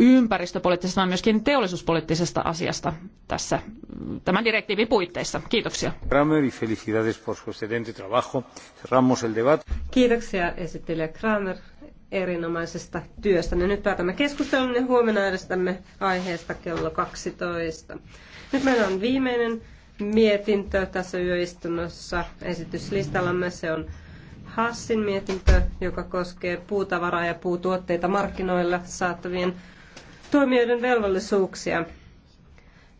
ympäristöpoliittisesta, vaan myöskin teollisuuspoliittisesta asiasta tässä mm, tämän direktiivin puitteissa. Kiitoksia. Kiitoksia esittelijä Kramer erinomaisesta työstä. No, nyt päätämme keskustelun ja huomenna äänestämme aiheesta kello 12. Nyt meillä on viimeinen mietintö tässä yöistunnossa. Esityslistallamme se on Hassin mietintö, joka koskee puutavaraa ja puutuotteita markkinoilla saattavien tuomioiden velvollisuuksia.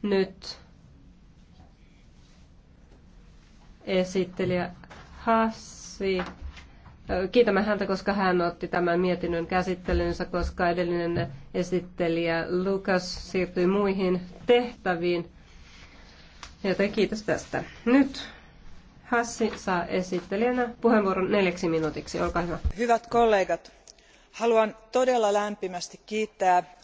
Nyt esittelijä Hassi. Kiitämme häntä, koska hän otti tämän mietinnön käsittelynsä, koska edellinen esittelijä Lukas siirtyi muihin tehtäviin. Joten kiitos tästä. Nyt Hassi saa esittelijänä puheenvuoron neljäksi minuutiksi. Olkaa hyvä. Hyvät kollegat, haluan todella lämpimästi kiittää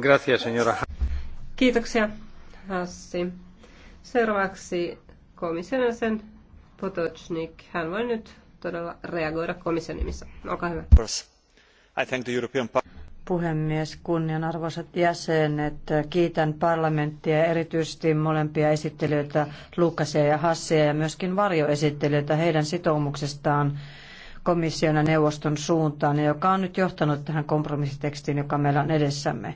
Gracias, señora. Kiitoksia, Hassi. Seuraavaksi komission jäsen Potocnik. Hän voi nyt todella reagoida komission nimissä. Olkaa hyvä. I thank the European puhemies, kunnianarvoisat jäsenet. Kiitän parlamenttia erityisesti molempia esittelijöitä, Luukkasia ja Hassia ja myöskin varjoesittelijöitä heidän sitoumuksestaan komission ja neuvoston suuntaan, joka on nyt johtanut tähän kompromissitekstiin, joka meillä on edessämme.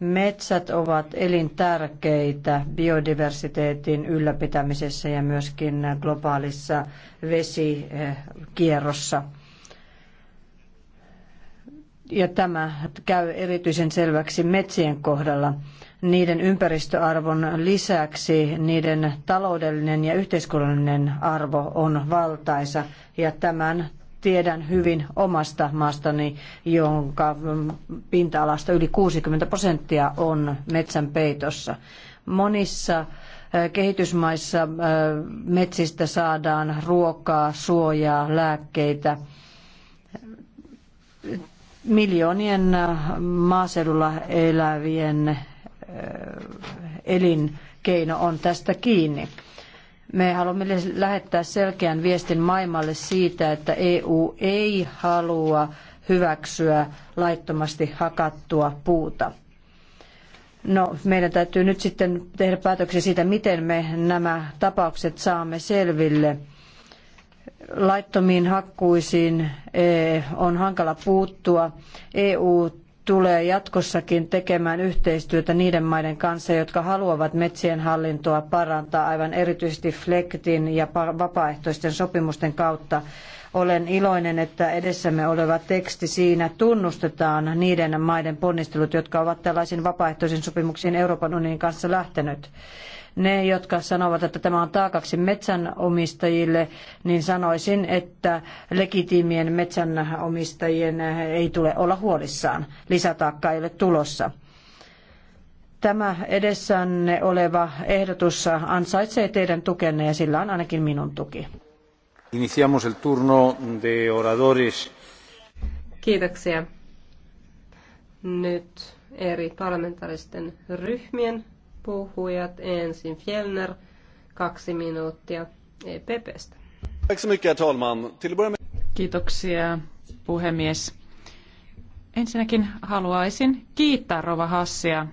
Metsät ovat elintärkeitä biodiversiteetin ylläpitämisessä ja myöskin globaalissa vesikierrossa. Ja tämä käy erityisen selväksi metsien kohdalla. Niiden ympäristöarvon lisäksi niiden taloudellinen ja yhteiskunnallinen arvo on valtaisa ja tämän tiedän hyvin omasta maastani, jonka mm, pinta-alasta yli 60 prosenttia on metsän peitossa. Monissa äh, kehitysmaissa äh, metsistä saadaan ruokaa, suojaa, lääkkeitä. Miljoonien äh, maaseudulla elävien elinkeino on tästä kiinni. Me haluamme lähettää selkeän viestin maailmalle siitä, että EU ei halua hyväksyä laittomasti hakattua puuta. No, meidän täytyy nyt sitten tehdä päätöksiä siitä, miten me nämä tapaukset saamme selville. Laittomiin hakkuisiin eh, on hankala puuttua. EU tulee jatkossakin tekemään yhteistyötä niiden maiden kanssa, jotka haluavat metsien hallintoa parantaa aivan erityisesti flektin ja vapaaehtoisten sopimusten kautta. Olen iloinen, että edessämme oleva teksti siinä tunnustetaan niiden maiden ponnistelut, jotka ovat tällaisiin vapaaehtoisiin sopimuksiin Euroopan unionin kanssa lähtenyt. Ne, jotka sanovat, että tämä on taakaksi metsänomistajille, niin sanoisin, että legitiimien metsänomistajien ei tule olla huolissaan. Lisätaakka ei ole tulossa. Tämä edessänne oleva ehdotus ansaitsee teidän tukenne ja sillä on ainakin minun tuki. Iniciamos el turno de oradores. Kiitoksia. Nyt eri parlamentaaristen ryhmien puhujat. Ensin Fjellner, kaksi minuuttia EPPstä. Kiitoksia puhemies. Ensinnäkin haluaisin kiittää Rova Hassia,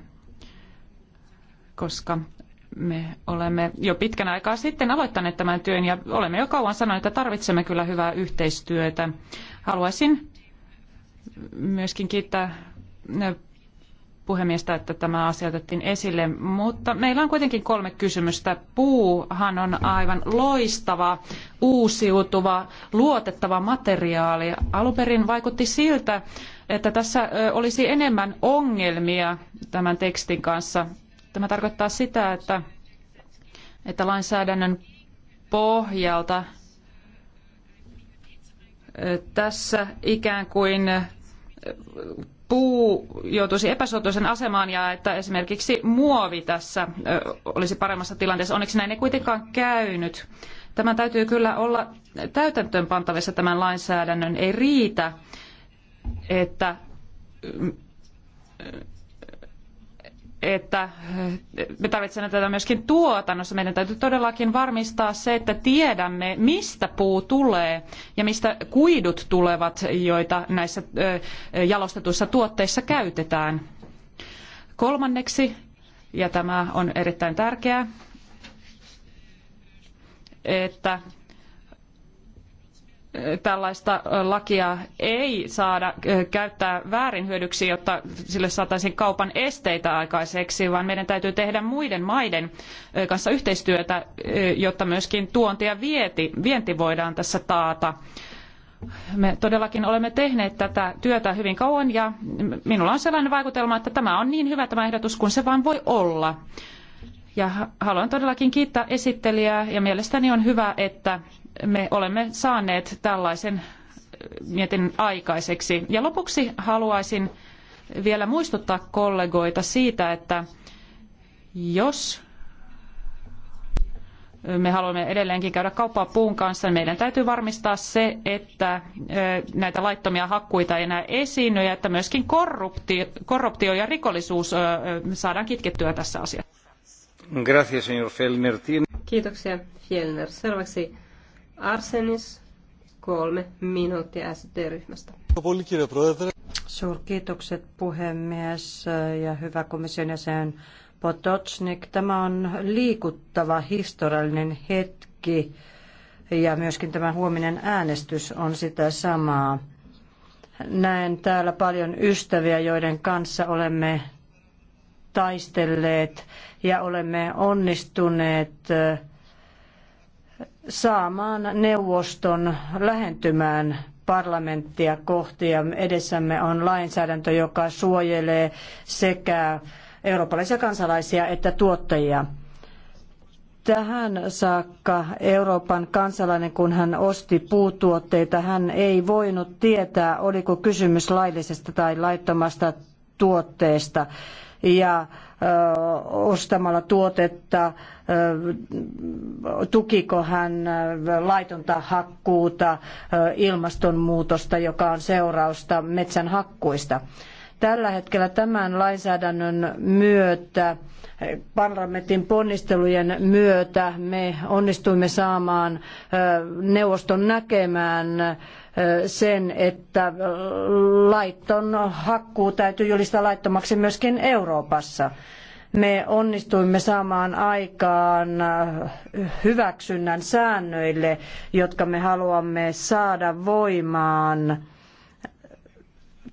koska me olemme jo pitkän aikaa sitten aloittaneet tämän työn ja olemme jo kauan sanoneet, että tarvitsemme kyllä hyvää yhteistyötä. Haluaisin myöskin kiittää puhemiestä, että tämä asia otettiin esille, mutta meillä on kuitenkin kolme kysymystä. Puuhan on aivan loistava, uusiutuva, luotettava materiaali. perin vaikutti siltä, että tässä olisi enemmän ongelmia tämän tekstin kanssa. Tämä tarkoittaa sitä, että, että lainsäädännön pohjalta tässä ikään kuin puu joutuisi epäsuotuisen asemaan ja että esimerkiksi muovi tässä olisi paremmassa tilanteessa. Onneksi näin ei kuitenkaan käynyt. Tämän täytyy kyllä olla täytäntöönpantavissa tämän lainsäädännön. Ei riitä, että että me tarvitsemme tätä myöskin tuotannossa. Meidän täytyy todellakin varmistaa se, että tiedämme, mistä puu tulee ja mistä kuidut tulevat, joita näissä jalostetuissa tuotteissa käytetään. Kolmanneksi, ja tämä on erittäin tärkeää, että tällaista lakia ei saada käyttää väärin hyödyksi, jotta sille saataisiin kaupan esteitä aikaiseksi, vaan meidän täytyy tehdä muiden maiden kanssa yhteistyötä, jotta myöskin tuonti ja vienti, vienti voidaan tässä taata. Me todellakin olemme tehneet tätä työtä hyvin kauan ja minulla on sellainen vaikutelma, että tämä on niin hyvä tämä ehdotus kuin se vain voi olla. Ja haluan todellakin kiittää esittelijää ja mielestäni on hyvä, että me olemme saaneet tällaisen äh, mietin aikaiseksi. Ja lopuksi haluaisin vielä muistuttaa kollegoita siitä, että jos me haluamme edelleenkin käydä kauppaa puun kanssa, niin meidän täytyy varmistaa se, että äh, näitä laittomia hakkuita ei enää esiinny ja että myöskin korruptio, korruptio ja rikollisuus äh, saadaan kitkettyä tässä asiassa. Kiitoksia, Fjellner. Seuraavaksi Arsenis, kolme minuuttia SD-ryhmästä. Suurkiitokset puhemies ja hyvä komission jäsen Potocnik. Tämä on liikuttava historiallinen hetki ja myöskin tämä huominen äänestys on sitä samaa. Näen täällä paljon ystäviä, joiden kanssa olemme taistelleet ja olemme onnistuneet saamaan neuvoston lähentymään parlamenttia kohti ja edessämme on lainsäädäntö, joka suojelee sekä eurooppalaisia kansalaisia että tuottajia. Tähän saakka Euroopan kansalainen, kun hän osti puutuotteita, hän ei voinut tietää, oliko kysymys laillisesta tai laittomasta tuotteesta ja ostamalla tuotetta, tukiko hän laitonta hakkuuta, ilmastonmuutosta, joka on seurausta metsän hakkuista. Tällä hetkellä tämän lainsäädännön myötä parlamentin ponnistelujen myötä me onnistuimme saamaan neuvoston näkemään sen, että laiton hakkuu täytyy julistaa laittomaksi myöskin Euroopassa me onnistuimme saamaan aikaan hyväksynnän säännöille, jotka me haluamme saada voimaan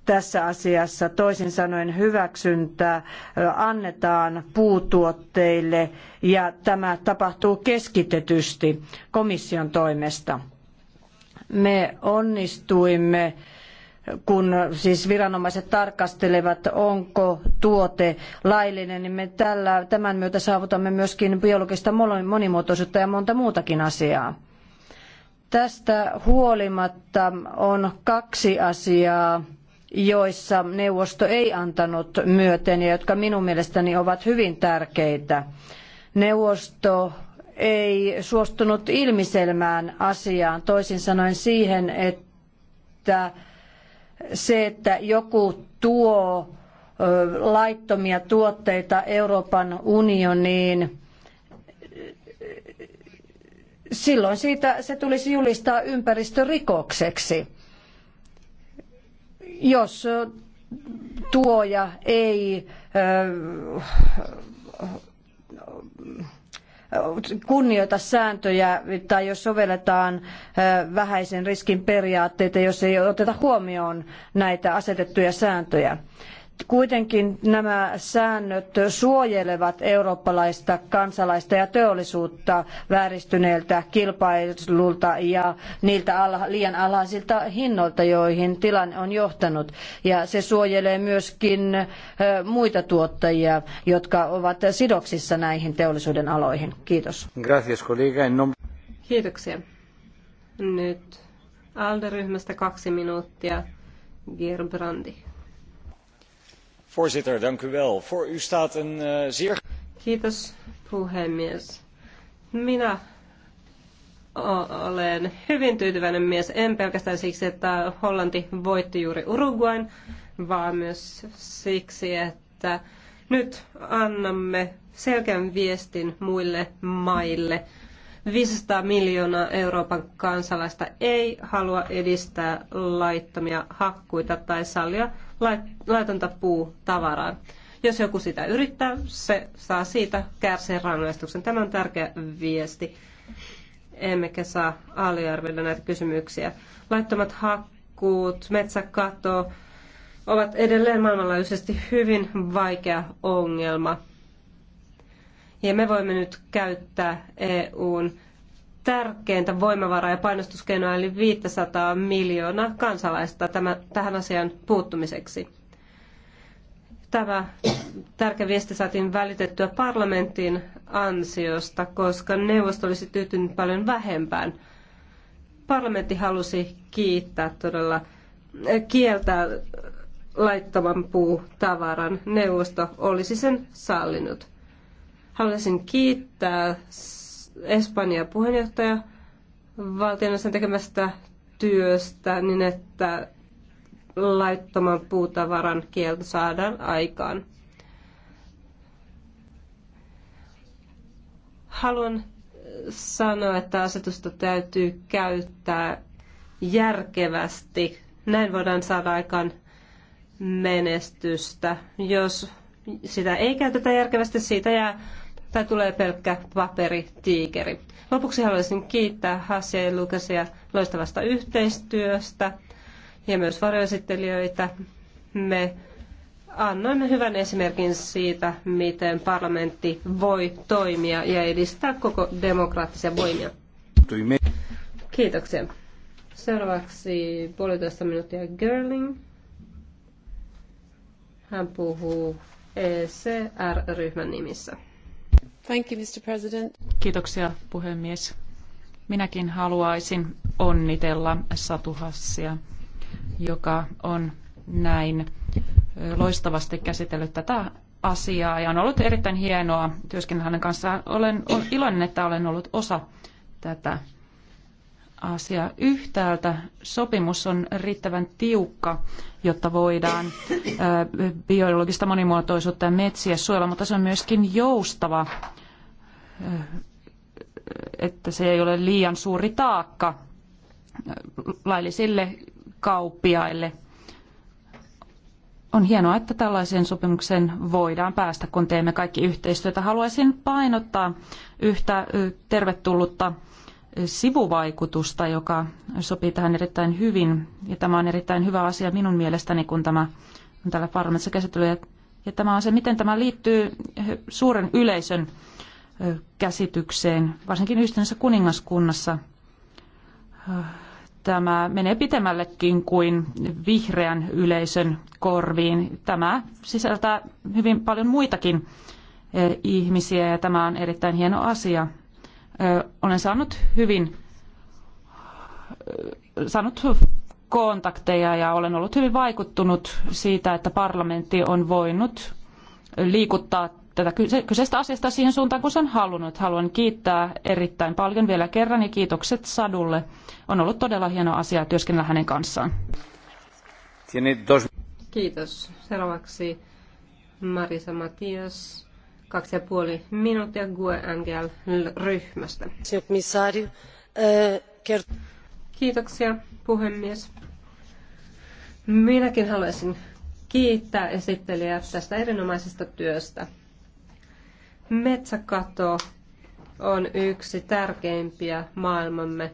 tässä asiassa. Toisin sanoen hyväksyntää annetaan puutuotteille ja tämä tapahtuu keskitetysti komission toimesta. Me onnistuimme kun siis viranomaiset tarkastelevat, onko tuote laillinen, niin me tällä, tämän myötä saavutamme myöskin biologista monimuotoisuutta ja monta muutakin asiaa. Tästä huolimatta on kaksi asiaa, joissa neuvosto ei antanut myöten ja jotka minun mielestäni ovat hyvin tärkeitä. Neuvosto ei suostunut ilmiselmään asiaan, toisin sanoen siihen, että se, että joku tuo laittomia tuotteita Euroopan unioniin, silloin siitä se tulisi julistaa ympäristörikokseksi. Jos tuoja ei kunnioita sääntöjä tai jos sovelletaan vähäisen riskin periaatteita, jos ei oteta huomioon näitä asetettuja sääntöjä. Kuitenkin nämä säännöt suojelevat eurooppalaista kansalaista ja teollisuutta vääristyneeltä kilpailulta ja niiltä liian alhaisilta hinnoilta, joihin tilanne on johtanut. Ja se suojelee myöskin muita tuottajia, jotka ovat sidoksissa näihin teollisuuden aloihin. Kiitos. Gracias, Kiitoksia. Nyt ALDE-ryhmästä kaksi minuuttia. Gerbrandi. Voorzitter, dank u Voor u staat een uh, zeer... Kiitos puhemies. Minä olen hyvin tyytyväinen mies, en pelkästään siksi, että Hollanti voitti juuri Uruguain, vaan myös siksi, että nyt annamme selkeän viestin muille maille – 500 miljoonaa Euroopan kansalaista ei halua edistää laittomia hakkuita tai sallia laitonta puutavaraa. Jos joku sitä yrittää, se saa siitä kärsiä rangaistuksen. Tämä on tärkeä viesti. Emmekä saa aliarvioida näitä kysymyksiä. Laittomat hakkuut, metsäkato ovat edelleen maailmanlaajuisesti hyvin vaikea ongelma ja me voimme nyt käyttää EUn tärkeintä voimavaraa ja painostuskeinoa eli 500 miljoonaa kansalaista tämän, tähän asian puuttumiseksi. Tämä tärkeä viesti saatiin välitettyä parlamentin ansiosta, koska neuvosto olisi tyytynyt paljon vähempään. Parlamentti halusi kiittää todella, eh, kieltää laittavan puutavaran. Neuvosto olisi sen sallinut. Haluaisin kiittää Espanjan puheenjohtaja valtioneuvoston tekemästä työstä niin, että laittoman puutavaran kielto saadaan aikaan. Haluan sanoa, että asetusta täytyy käyttää järkevästi. Näin voidaan saada aikaan menestystä. Jos sitä ei käytetä järkevästi, siitä jää tai tulee pelkkä tiikeri. Lopuksi haluaisin kiittää Hassia ja Lukasia loistavasta yhteistyöstä ja myös varjoesittelijöitä. Me annoimme hyvän esimerkin siitä, miten parlamentti voi toimia ja edistää koko demokraattisia voimia. Kiitoksia. Seuraavaksi puolitoista minuuttia Girling. Hän puhuu ECR-ryhmän nimissä. Kiitoksia puhemies. Minäkin haluaisin onnitella Hassia, joka on näin loistavasti käsitellyt tätä asiaa ja on ollut erittäin hienoa työskennellä hänen kanssaan. Olen iloinen, että olen ollut osa tätä asia. Yhtäältä sopimus on riittävän tiukka, jotta voidaan biologista monimuotoisuutta ja metsiä suojella, mutta se on myöskin joustava, että se ei ole liian suuri taakka laillisille kauppiaille. On hienoa, että tällaiseen sopimukseen voidaan päästä, kun teemme kaikki yhteistyötä. Haluaisin painottaa yhtä tervetullutta sivuvaikutusta, joka sopii tähän erittäin hyvin. Ja tämä on erittäin hyvä asia minun mielestäni, kun tämä on täällä parlamentissa käsittely. Ja, ja tämä on se, miten tämä liittyy suuren yleisön käsitykseen, varsinkin yhtenässä kuningaskunnassa. Tämä menee pitemmällekin kuin vihreän yleisön korviin. Tämä sisältää hyvin paljon muitakin ihmisiä ja tämä on erittäin hieno asia – olen saanut hyvin saanut kontakteja ja olen ollut hyvin vaikuttunut siitä, että parlamentti on voinut liikuttaa tätä kyseistä asiasta siihen suuntaan, kun se on halunnut. Haluan kiittää erittäin paljon vielä kerran ja kiitokset Sadulle. On ollut todella hieno asia työskennellä hänen kanssaan. Kiitos. Seuraavaksi Marisa Matias kaksi ja puoli minuuttia GUE NGL-ryhmästä. Euh, Kiitoksia puhemies. Minäkin haluaisin kiittää esittelijää tästä erinomaisesta työstä. Metsäkato on yksi tärkeimpiä maailmamme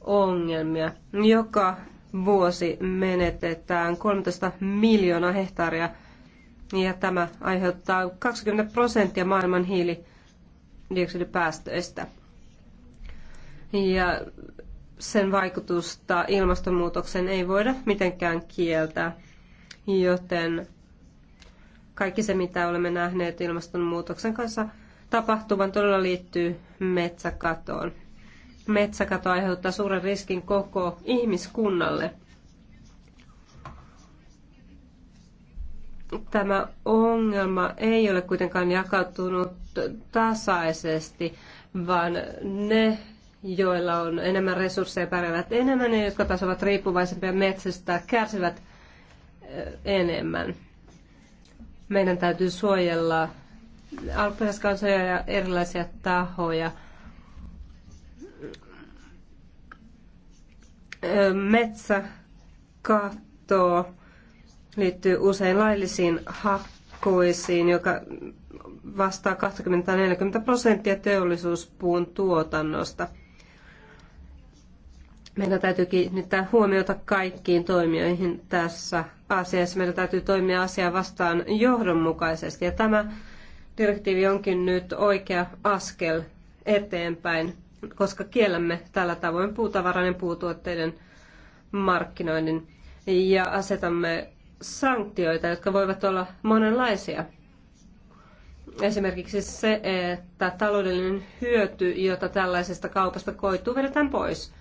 ongelmia. Joka vuosi menetetään 13 miljoonaa hehtaaria – ja tämä aiheuttaa 20 prosenttia maailman hiilidioksidipäästöistä. Ja sen vaikutusta ilmastonmuutoksen ei voida mitenkään kieltää, joten kaikki se, mitä olemme nähneet ilmastonmuutoksen kanssa tapahtuvan, todella liittyy metsäkatoon. Metsäkato aiheuttaa suuren riskin koko ihmiskunnalle – Tämä ongelma ei ole kuitenkaan jakautunut tasaisesti, vaan ne, joilla on enemmän resursseja, pärjäävät enemmän, ja jotka taas ovat riippuvaisempia metsästä, kärsivät eh, enemmän. Meidän täytyy suojella alkuperäiskansoja ja erilaisia tahoja. Eh, metsä kattoo liittyy usein laillisiin hakkuisiin, joka vastaa 20-40 prosenttia teollisuuspuun tuotannosta. Meidän täytyy kiinnittää huomiota kaikkiin toimijoihin tässä asiassa. Meidän täytyy toimia asiaa vastaan johdonmukaisesti. Ja tämä direktiivi onkin nyt oikea askel eteenpäin, koska kiellämme tällä tavoin puutavarainen puutuotteiden markkinoinnin ja asetamme sanktioita, jotka voivat olla monenlaisia. Esimerkiksi se, että taloudellinen hyöty, jota tällaisesta kaupasta koituu, vedetään pois.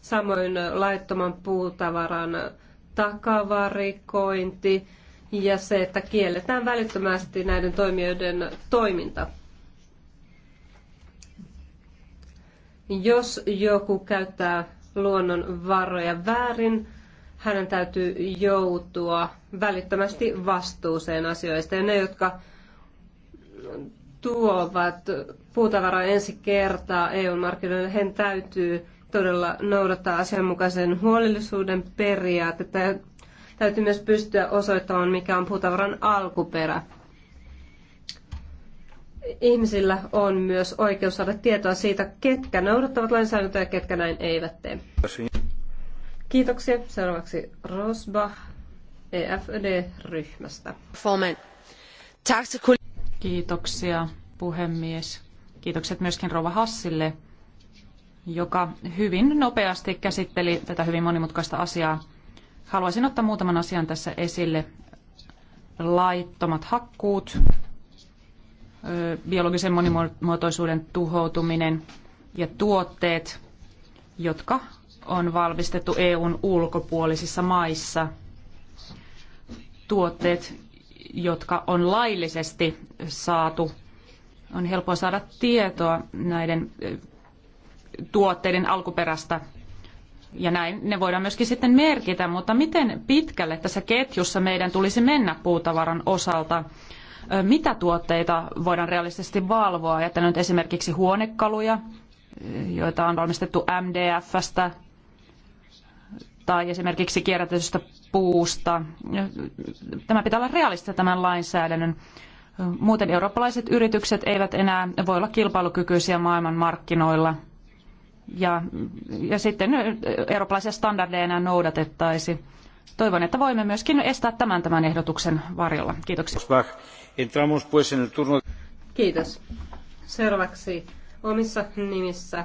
Samoin laittoman puutavaran takavarikointi ja se, että kielletään välittömästi näiden toimijoiden toiminta. Jos joku käyttää luonnonvaroja väärin, hänen täytyy joutua välittömästi vastuuseen asioista. Ja ne, jotka tuovat puutavaraa ensi kertaa EU-markkinoille, hän täytyy todella noudattaa asianmukaisen huolellisuuden periaatetta ja täytyy myös pystyä osoittamaan, mikä on puutavaran alkuperä. Ihmisillä on myös oikeus saada tietoa siitä, ketkä noudattavat lainsäädäntöä ja ketkä näin eivät tee. Kiitoksia. Seuraavaksi Rosbach EFD-ryhmästä. Kiitoksia puhemies. Kiitokset myöskin Rova Hassille, joka hyvin nopeasti käsitteli tätä hyvin monimutkaista asiaa. Haluaisin ottaa muutaman asian tässä esille. Laittomat hakkuut, biologisen monimuotoisuuden tuhoutuminen ja tuotteet, jotka on valmistettu EUn ulkopuolisissa maissa. Tuotteet, jotka on laillisesti saatu, on helppo saada tietoa näiden tuotteiden alkuperästä ja näin ne voidaan myöskin sitten merkitä, mutta miten pitkälle tässä ketjussa meidän tulisi mennä puutavaran osalta? Mitä tuotteita voidaan realistisesti valvoa? Ajattelen nyt esimerkiksi huonekaluja, joita on valmistettu MDFstä tai esimerkiksi kierrätetystä puusta. Tämä pitää olla realistista. tämän lainsäädännön. Muuten eurooppalaiset yritykset eivät enää voi olla kilpailukykyisiä maailmanmarkkinoilla. Ja, ja sitten eurooppalaisia standardeja enää noudatettaisi. Toivon, että voimme myöskin estää tämän tämän ehdotuksen varjolla. Kiitoksia. Kiitos. Seuraavaksi omissa nimissä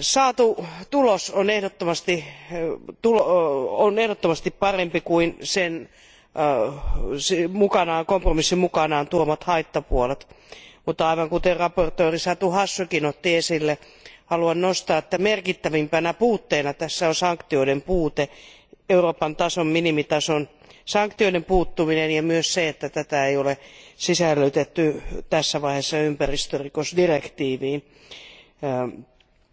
saatu tulos on ehdottomasti parempi kuin sen kompromissin mukanaan tuomat haittapuolet mutta aivan kuten esittelijä satu hassikin otti esille haluan nostaa että merkittävimpänä puutteena tässä on sanktioiden puute euroopan tason minimitason sanktioiden puuttuminen ja myös se että tätä ei ole sisällytetty tässä vaiheessa ympäristörikosdirektiiviin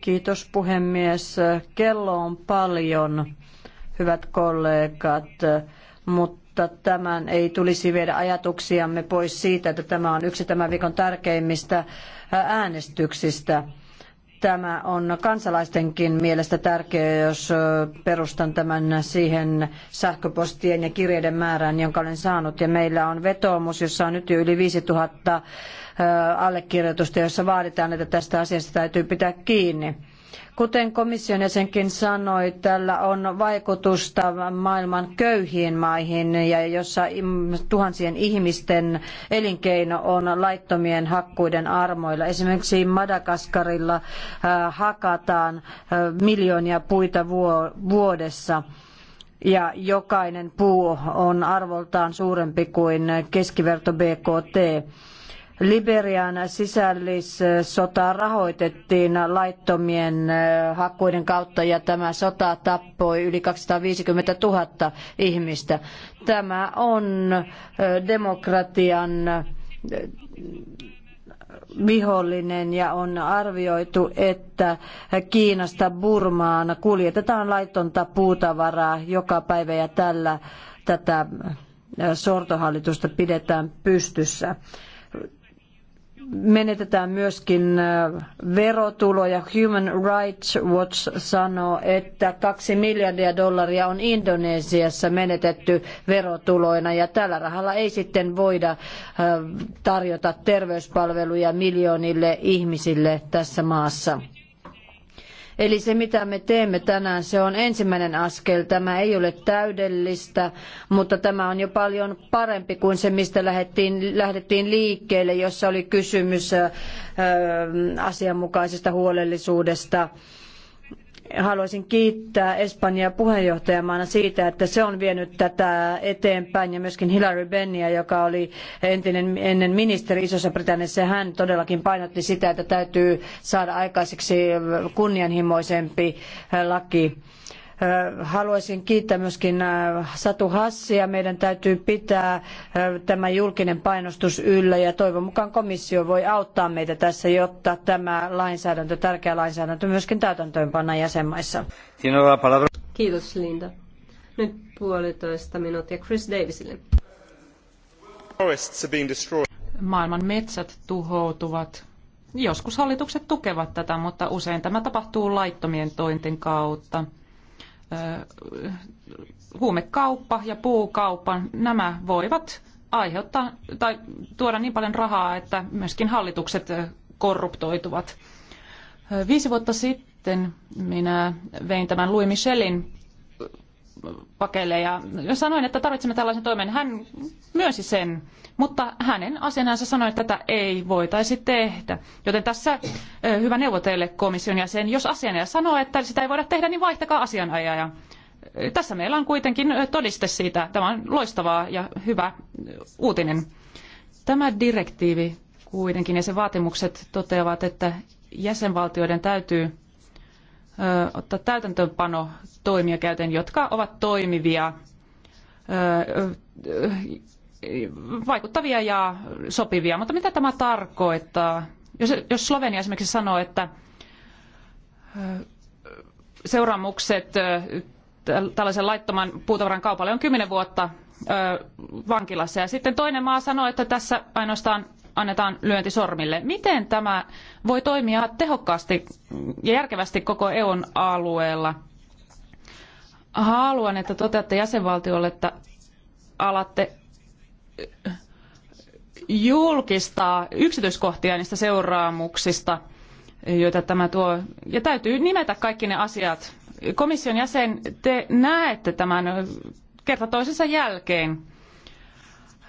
Kiitos puhemies. Kello on paljon, hyvät kollegat, mutta tämän ei tulisi viedä ajatuksiamme pois siitä, että tämä on yksi tämän viikon tärkeimmistä äänestyksistä tämä on kansalaistenkin mielestä tärkeä jos perustan tämän siihen sähköpostien ja kirjeiden määrään, jonka olen saanut. Ja meillä on vetoomus, jossa on nyt jo yli 5000 allekirjoitusta, jossa vaaditaan, että tästä asiasta täytyy pitää kiinni. Kuten komission jäsenkin sanoi, tällä on vaikutusta maailman köyhiin maihin, ja jossa tuhansien ihmisten elinkeino on laittomien hakkuiden armoilla. Esimerkiksi Madagaskarilla hakataan miljoonia puita vuodessa ja jokainen puu on arvoltaan suurempi kuin keskiverto BKT. Liberian sisällissota rahoitettiin laittomien hakkuiden kautta ja tämä sota tappoi yli 250 000 ihmistä. Tämä on demokratian vihollinen ja on arvioitu, että Kiinasta Burmaan kuljetetaan laitonta puutavaraa joka päivä ja tällä tätä sortohallitusta pidetään pystyssä menetetään myöskin äh, verotuloja. Human Rights Watch sanoo, että kaksi miljardia dollaria on Indonesiassa menetetty verotuloina ja tällä rahalla ei sitten voida äh, tarjota terveyspalveluja miljoonille ihmisille tässä maassa. Eli se mitä me teemme tänään, se on ensimmäinen askel. Tämä ei ole täydellistä, mutta tämä on jo paljon parempi kuin se, mistä lähdettiin, lähdettiin liikkeelle, jossa oli kysymys ö, asianmukaisesta huolellisuudesta. Haluaisin kiittää Espanjaa puheenjohtajamaana siitä, että se on vienyt tätä eteenpäin ja myöskin Hillary Bennia, joka oli entinen ennen ministeri Isossa Britanniassa. Hän todellakin painotti sitä, että täytyy saada aikaiseksi kunnianhimoisempi laki. Haluaisin kiittää myöskin Satu Hassia. Meidän täytyy pitää tämä julkinen painostus yllä ja toivon mukaan komissio voi auttaa meitä tässä, jotta tämä lainsäädäntö, tärkeä lainsäädäntö myöskin täytäntöönpannaan jäsenmaissa. Kiitos Linda. Nyt puolitoista minuuttia Chris Davisille. Maailman metsät tuhoutuvat. Joskus hallitukset tukevat tätä, mutta usein tämä tapahtuu laittomien tointen kautta huumekauppa ja puukauppa, nämä voivat aiheuttaa tai tuoda niin paljon rahaa, että myöskin hallitukset korruptoituvat. Viisi vuotta sitten minä vein tämän Louis Michelin pakeille. Ja sanoin, että tarvitsemme tällaisen toimen. Hän myönsi sen, mutta hänen asianansa sanoi, että tätä ei voitaisi tehdä. Joten tässä hyvä neuvo teille komission jäsen. Jos asianajaja sanoo, että sitä ei voida tehdä, niin vaihtakaa asianajaja. Tässä meillä on kuitenkin todiste siitä. Tämä on loistavaa ja hyvä uutinen. Tämä direktiivi kuitenkin ja sen vaatimukset toteavat, että jäsenvaltioiden täytyy ottaa täytäntöönpano toimia käyteen, jotka ovat toimivia, vaikuttavia ja sopivia. Mutta mitä tämä tarkoittaa? Jos, Slovenia esimerkiksi sanoo, että seuraamukset tällaisen laittoman puutavaran kaupalle on kymmenen vuotta vankilassa ja sitten toinen maa sanoo, että tässä ainoastaan annetaan lyönti sormille. Miten tämä voi toimia tehokkaasti ja järkevästi koko EUn alueella? Haluan, että toteatte jäsenvaltiolle, että alatte julkistaa yksityiskohtia niistä seuraamuksista, joita tämä tuo. Ja täytyy nimetä kaikki ne asiat. Komission jäsen, te näette tämän kerta toisensa jälkeen.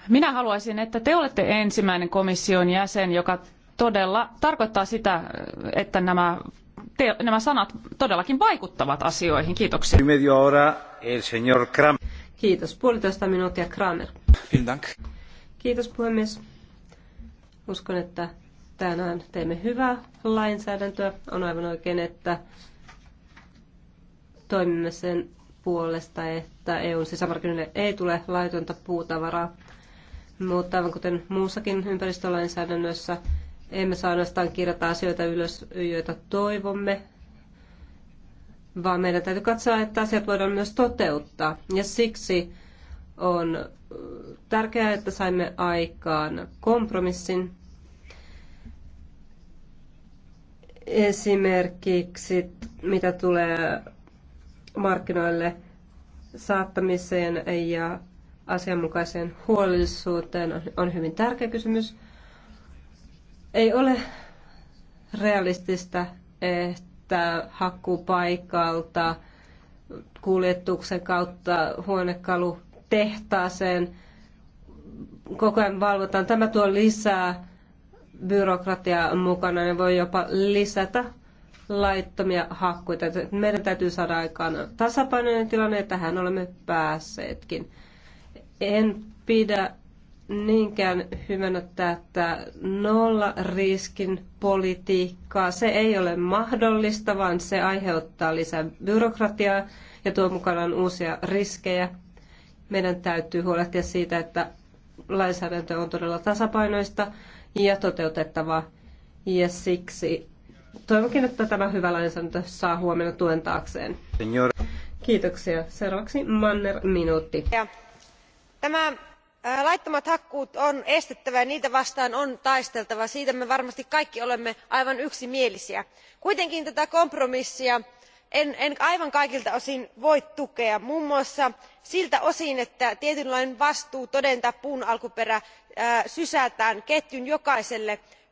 Minä haluaisin, että te olette ensimmäinen komission jäsen, joka todella tarkoittaa sitä, että nämä, te, nämä sanat todellakin vaikuttavat asioihin. Kiitoksia. Kiitos. Puolitoista minuuttia Kramer. Kiitos puhemies. Uskon, että tänään teemme hyvää lainsäädäntöä. On aivan oikein, että toimimme sen puolesta, että EUn sisämarkkinoille ei tule laitonta puutavaraa. Mutta aivan kuten muussakin ympäristölainsäädännössä, emme saa ainoastaan kirjata asioita ylös, joita toivomme, vaan meidän täytyy katsoa, että asiat voidaan myös toteuttaa. Ja siksi on tärkeää, että saimme aikaan kompromissin. Esimerkiksi mitä tulee markkinoille saattamiseen ja asianmukaiseen huolellisuuteen on hyvin tärkeä kysymys. Ei ole realistista, että hakkupaikalta kuljetuksen kautta huonekalu tehtaaseen koko ajan valvotaan. Tämä tuo lisää byrokratiaa mukana ja voi jopa lisätä laittomia hakkuita. Meidän täytyy saada aikaan tasapainoinen tilanne ja tähän olemme päässeetkin. En pidä niinkään hyvänä tätä nollariskin politiikkaa. Se ei ole mahdollista, vaan se aiheuttaa lisää byrokratiaa ja tuo mukanaan uusia riskejä. Meidän täytyy huolehtia siitä, että lainsäädäntö on todella tasapainoista ja toteutettavaa. Ja siksi toivonkin, että tämä hyvä lainsäädäntö saa huomenna tuen taakseen. Kiitoksia. Seuraavaksi Manner minuutti. Ja nämä laittomat hakkuut on estettävä ja niitä vastaan on taisteltava siitä me varmasti kaikki olemme aivan yksimielisiä. kuitenkaan tätä kompromissia en aivan kaikilta osin voi tukea muun muassa siltä osin että tietynlainen vastuu todentaa puun alkuperä sysätään ketjun jokaiselle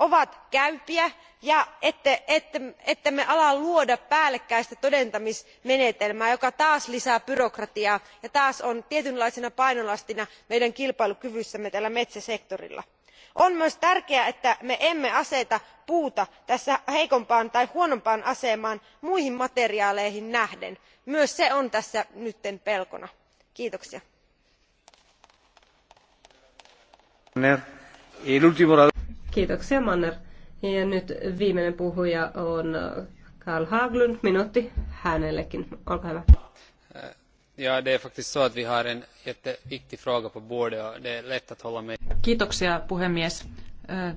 ovat käypiä ja ettemme ala luoda päällekkäistä todentamismenetelmää joka taas lisää byrokratiaa ja taas on tietynlaisena painolastina meidän kilpailukyvyssämme tällä metsäsektorilla. on myös tärkeää että me emme aseta puuta tässä heikompaan tai huonompaan asemaan muihin materiaaleihin nähden myös se on tässä nyt pelkona. kiitoksia. Kiitoksia Manner. Ja nyt viimeinen puhuja on äh, Karl Haglund, minuutti hänellekin. Olkaa hyvä. Eh, ja det är faktiskt så att vi har en jätteviktig fråga på bordet och det är lätt att hålla med. Kiitoksia puhemies. Eh,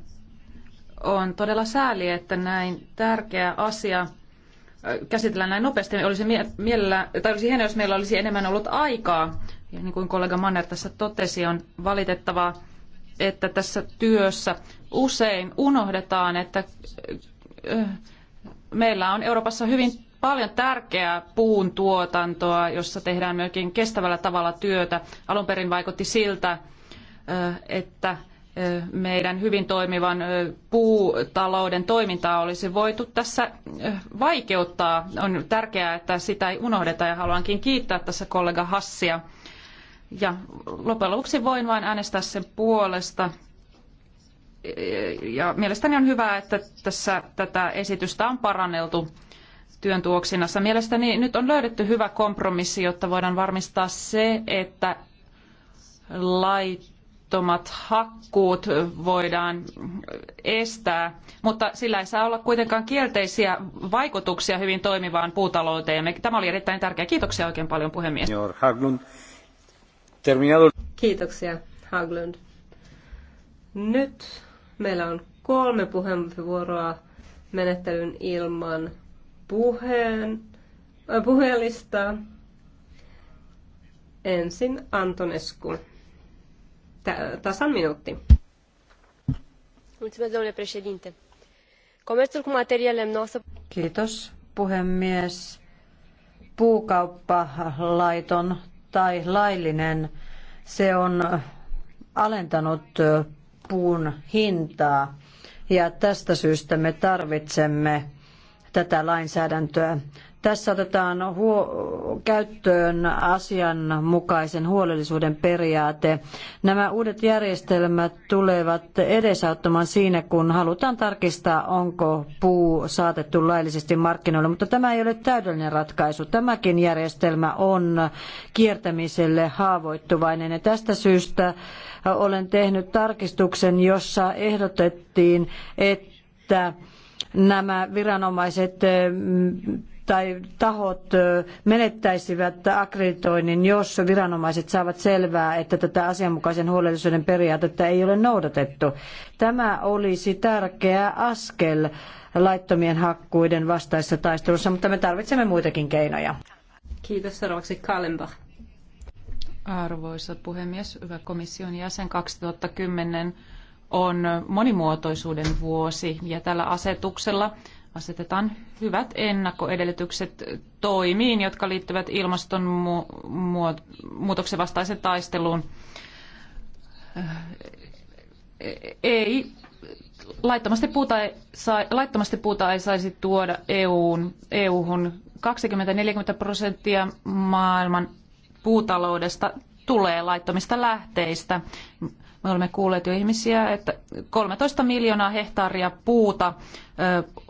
on todella sääli, että näin tärkeä asia eh, käsitellään näin nopeasti. Niin olisi, mielellä, tai olisi hienoa, jos meillä olisi enemmän ollut aikaa. Ja niin kuin kollega Manner tässä totesi, on valitettavaa, että tässä työssä usein unohdetaan, että meillä on Euroopassa hyvin paljon tärkeää puun tuotantoa, jossa tehdään myöskin kestävällä tavalla työtä. Alun perin vaikutti siltä, että meidän hyvin toimivan puutalouden toimintaa olisi voitu tässä vaikeuttaa. On tärkeää, että sitä ei unohdeta ja haluankin kiittää tässä kollega Hassia ja loppujen lopuksi voin vain äänestää sen puolesta. Ja mielestäni on hyvä, että tässä tätä esitystä on paranneltu työn tuoksinnassa. Mielestäni nyt on löydetty hyvä kompromissi, jotta voidaan varmistaa se, että laittomat hakkuut voidaan estää, mutta sillä ei saa olla kuitenkaan kielteisiä vaikutuksia hyvin toimivaan puutalouteen. Tämä oli erittäin tärkeää. Kiitoksia oikein paljon puhemies terminado... Kiitoksia, Haglund. Nyt meillä on kolme puheenvuoroa menettelyn ilman puheen, äh, puhelistaa. Ensin Antonescu. Tä, tasan minuutti. Kiitos, puhemies. Puukauppalaiton tai laillinen, se on alentanut puun hintaa. Ja tästä syystä me tarvitsemme tätä lainsäädäntöä. Tässä otetaan huo- käyttöön asianmukaisen huolellisuuden periaate. Nämä uudet järjestelmät tulevat edesauttamaan siinä, kun halutaan tarkistaa, onko puu saatettu laillisesti markkinoille. Mutta tämä ei ole täydellinen ratkaisu. Tämäkin järjestelmä on kiertämiselle haavoittuvainen. Ja tästä syystä olen tehnyt tarkistuksen, jossa ehdotettiin, että nämä viranomaiset mm, tai tahot menettäisivät akkreditoinnin, jos viranomaiset saavat selvää, että tätä asianmukaisen huolellisuuden periaatetta ei ole noudatettu. Tämä olisi tärkeä askel laittomien hakkuiden vastaisessa taistelussa, mutta me tarvitsemme muitakin keinoja. Kiitos. Seuraavaksi Kallenbach. Arvoisa puhemies, hyvä komission jäsen, 2010 on monimuotoisuuden vuosi ja tällä asetuksella asetetaan hyvät ennakkoedellytykset toimiin, jotka liittyvät ilmastonmuutoksen vastaiseen taisteluun. Ei, laittomasti puuta ei, saa, laittomasti puuta ei saisi tuoda EUn, EU-hun. 20-40 prosenttia maailman puutaloudesta tulee laittomista lähteistä. Me olemme kuulleet jo ihmisiä, että 13 miljoonaa hehtaaria puuta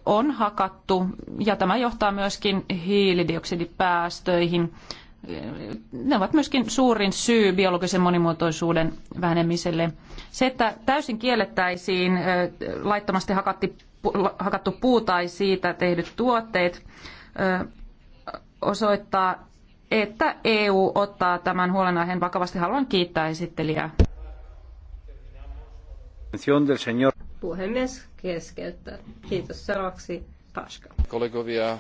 on hakattu ja tämä johtaa myöskin hiilidioksidipäästöihin. Ne ovat myöskin suurin syy biologisen monimuotoisuuden vähenemiselle. Se, että täysin kiellettäisiin laittomasti hakattu puu tai siitä tehdyt tuotteet, osoittaa, että EU ottaa tämän huolenaiheen vakavasti. Haluan kiittää esittelijää. Puhemies keskeyttää. Kiitos seuraavaksi Paska. Kollegovia, e,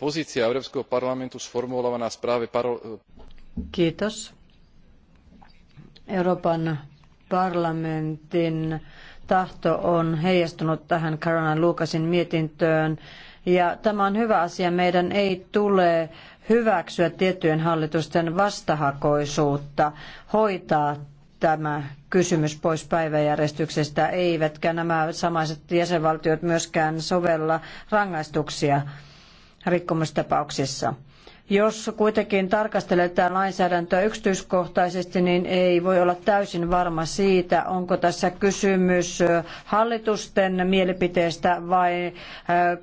pozícia Európskeho parlamentu sformulovaná správe paro... Kiitos. Euroopan parlamentin tahto on heijastunut tähän Karana Luukasin mietintöön. Ja tämä on hyvä asia. Meidän ei tule hyväksyä tiettyjen hallitusten vastahakoisuutta hoitaa tämä kysymys pois päiväjärjestyksestä, eivätkä nämä samaiset jäsenvaltiot myöskään sovella rangaistuksia rikkomustapauksissa. Jos kuitenkin tarkastelee lainsäädäntöä yksityiskohtaisesti, niin ei voi olla täysin varma siitä, onko tässä kysymys hallitusten mielipiteestä vai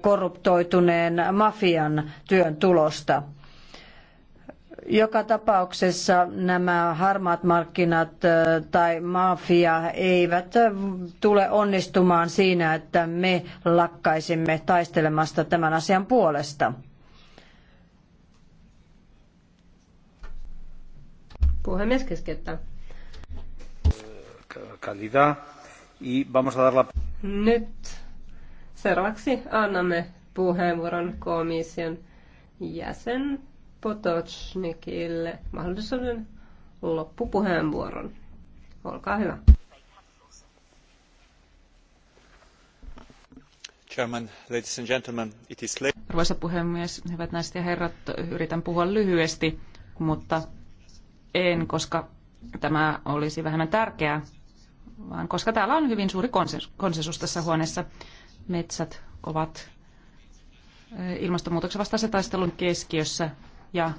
korruptoituneen mafian työn tulosta. Joka tapauksessa nämä harmaat markkinat tai mafia eivät tule onnistumaan siinä, että me lakkaisimme taistelemasta tämän asian puolesta. Puhemies keskeyttää. Kalida. Y vamos a dar la... Nyt seuraavaksi annamme puheenvuoron komission jäsen Potocnikille mahdollisuuden loppupuheenvuoron. Olkaa hyvä. Chairman, ladies and gentlemen, it is late. Arvoisa puhemies, hyvät naiset ja herrat, yritän puhua lyhyesti, mutta en, koska tämä olisi vähän tärkeää, vaan koska täällä on hyvin suuri konsensus tässä huoneessa. Metsät ovat eh, ilmastonmuutoksen vastaisen taistelun keskiössä ja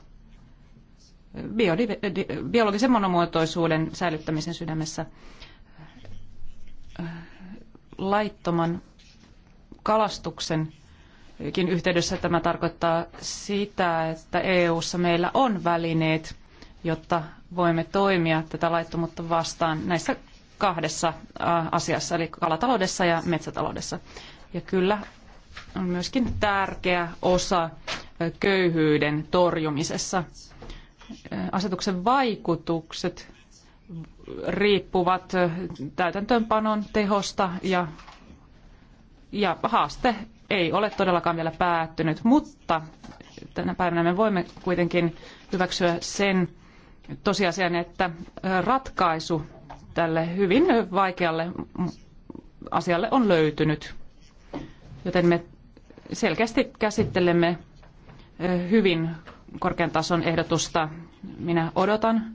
biologisen monimuotoisuuden säilyttämisen sydämessä laittoman kalastuksenkin yhteydessä tämä tarkoittaa sitä, että EU:ssa meillä on välineet, jotta voimme toimia tätä laittomuutta vastaan näissä kahdessa asiassa, eli kalataloudessa ja metsätaloudessa. Ja kyllä on myöskin tärkeä osa köyhyyden torjumisessa. Asetuksen vaikutukset riippuvat täytäntöönpanon tehosta ja, ja haaste ei ole todellakaan vielä päättynyt, mutta tänä päivänä me voimme kuitenkin hyväksyä sen tosiasian, että ratkaisu tälle hyvin vaikealle asialle on löytynyt. Joten me selkeästi käsittelemme hyvin korkean tason ehdotusta. Minä odotan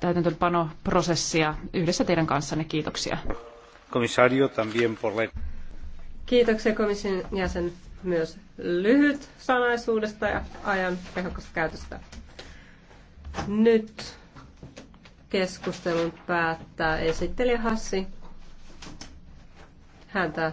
täytäntöönpanoprosessia yhdessä teidän kanssanne. Kiitoksia. Komissario, también por la... Kiitoksia komission jäsen myös lyhyt sanaisuudesta ja ajan tehokkaasta käytöstä. Nyt keskustelun päättää esittelijä Hassi. Häntä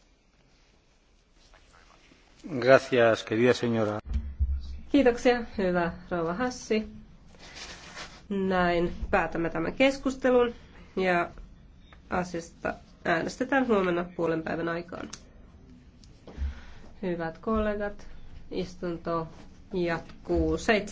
Gracias, querida señora. Kiitoksia, hyvä rouva Hassi. Näin päätämme tämän keskustelun ja asiasta äänestetään huomenna puolen päivän aikaan. Hyvät kollegat, istunto jatkuu seitsemän.